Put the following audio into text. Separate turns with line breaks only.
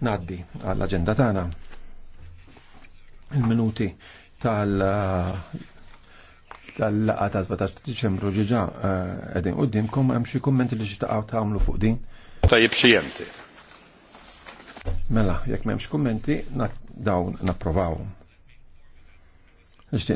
Naddi għall-agenda tagħna. Il-minuti tal- tal-laqa ta' 17 Diċembru ġiġa qegħdin eh, qudiemkom hemm xi kummenti li xtaqgħu tagħmlu fuq din.
Tajjeb jemti.
Mela, jekk m'hemmx kummenti dawn napprovaw.